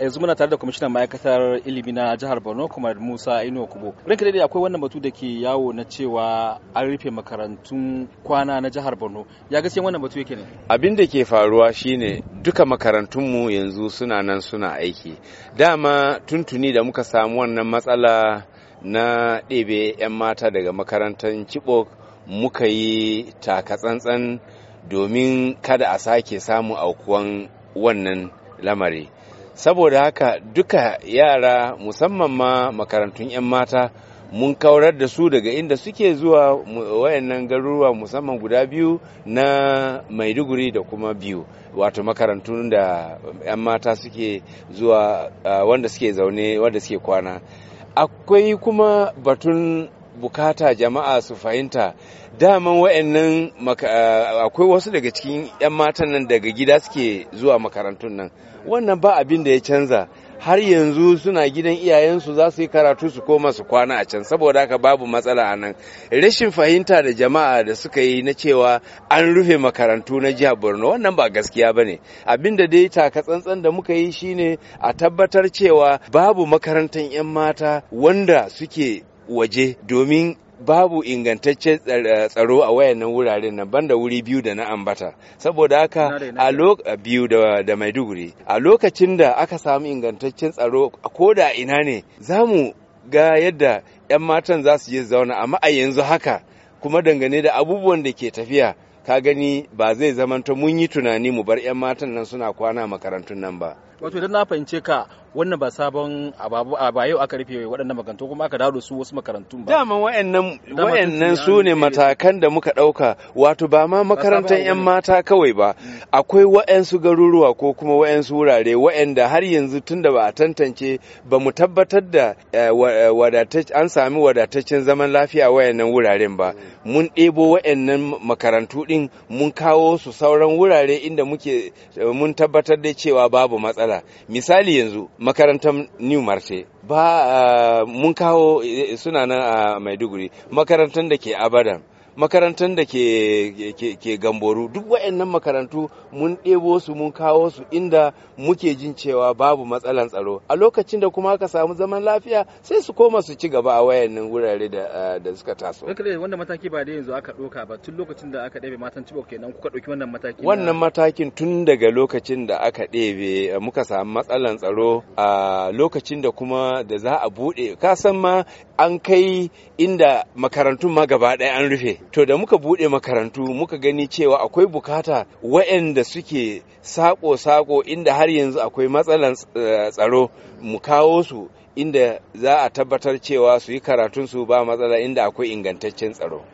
yanzu muna tare da kwamishinan ma'aikatar ilimi na jihar borno kuma musa inuwa kubo ranka daidai akwai wannan batu da ke yawo na cewa an rufe makarantun kwana na jihar borno ya gaskiya wannan batu yake ne abin da ke faruwa shine duka makarantunmu yanzu suna nan suna aiki dama tuntuni da muka samu wannan matsala na ɗebe 'yan mata daga makarantar chibok muka yi takatsantsan domin kada a sake samu aukuwan wannan lamari saboda haka duka yara musamman ma makarantun 'yan mata mun kaurar da su daga inda suke zuwa wayannan garuruwa musamman guda biyu na maiduguri da kuma biyu wato makarantun da 'yan mata suke zuwa wanda suke zaune wanda suke kwana akwai kuma batun bukata jama'a su fahimta daman wa'annan akwai wasu daga cikin 'yan matan nan daga gida suke zuwa makarantun nan wannan ba abin da ya canza har yanzu suna gidan iyayensu za su yi karatu su koma su kwana a can saboda haka babu matsala a nan rashin fahimta da jama'a da suka yi na cewa an rufe makarantu na jihar borno wannan ba gaskiya ba ne abin da dai taka tsantsan da muka yi shine a tabbatar cewa babu makarantar 'yan mata wanda suke waje domin babu ingantaccen eh, tsaro a wayannan wuraren nan banda wuri biyu da na ambata saboda haka a biyu da maiduguri a lokacin da aka samu ingantaccen tsaro ko da ina ne za mu ga yadda 'yan matan za su yi zauna amma a yanzu haka kuma dangane da abubuwan da ke tafiya ka gani ba zai zamanta mun yi tunani mu bar 'yan matan nan suna kwana makarantun nan ba wato idan na fahimce ka wannan ba sabon ba yau aka rufe waɗannan makarantu kuma aka dawo su wasu makarantun ba dama wayannan wayannan su ne matakan da muka ɗauka wato ba ma makarantar yan mata kawai ba mm. akwai wayansu garuruwa ko kuma wayansu wurare wayanda har yanzu tunda ba a tantance ba mu tabbatar da eh, eh, an sami wadataccen zaman lafiya wayannan wuraren ba mm. mun ɗebo wayannan makarantu ɗin mun kawo su sauran wurare inda muke eh, mun tabbatar da cewa babu matsala misali yanzu makarantar new marte ba ah, mun kawo eh, suna nan a maiduguri makarantar da ke abadan makarantar da ke gamboru duk waɗannan makarantu mun ɗebo su mun kawo su inda muke jin cewa babu matsalan tsaro a lokacin da kuma aka samu zaman lafiya sai su koma su ci gaba a wayannan wurare da suka taso wanda mataki ba da yanzu aka ɗauka ba tun lokacin da aka ɗebe matan cibo kenan kuka ɗauki wannan mataki wannan matakin tun daga lokacin da aka ɗebe eh, muka samu matsalan tsaro a lokacin da kuma da za a buɗe ka san ma an kai inda makarantun ma gaba ɗaya an rufe to da muka buɗe makarantu muka gani cewa akwai bukata waɗanda suke sako-sako inda har yanzu akwai matsalan eh, tsaro mu kawo su inda za a tabbatar cewa su yi karatunsu ba matsala inda akwai ingantaccen tsaro.